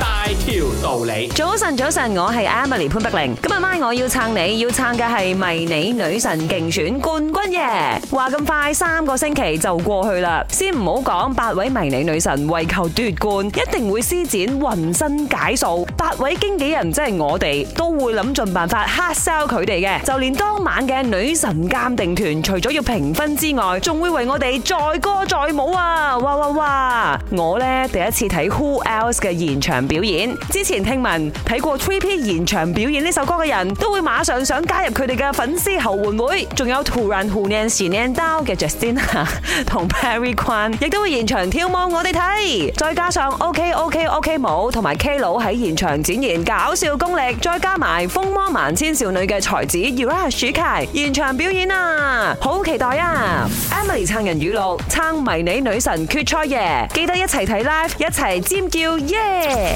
大條道理，早晨早晨，我係 Emily 潘碧玲。今晚我要撐你，要撐嘅係迷你女神競選冠軍耶！話咁快三個星期就過去啦，先唔好講。八位迷你女神為求奪冠，一定會施展渾身解數。八位經紀人即係我哋，都會諗盡辦法黑 sell 佢哋嘅。就連當晚嘅女神鑑定團，除咗要評分之外，仲會為我哋載歌載舞啊！哇哇哇！我呢第一次睇 Who Else 嘅現場。表演之前聽聞睇過 Three P 現場表演呢首歌嘅人都會馬上想加入佢哋嘅粉絲後援會，仲有 t 人胡 a n h u Dow 嘅 Justin 同 Perry Kwan 亦都會現場跳舞我哋睇，再加上 OK OK OK 舞同埋 K 佬喺現場展現搞笑功力，再加埋風魔萬千少女嘅才子 Yura Shu Kai 現場表演啊，好期待啊、嗯、！Emily 撐人語錄撐迷你女神決賽夜，記得一齊睇 live，一齊尖叫耶！